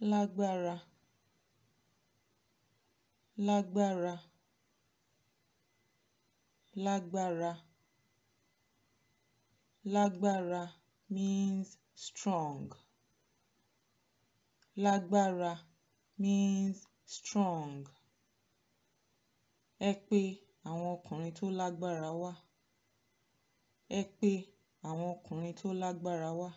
lágbára lágbára lágbára lágbára means strong lágbára means strong ẹ pe àwọn ọkùnrin tó lágbára wá ẹ pe àwọn ọkùnrin tó lágbára wá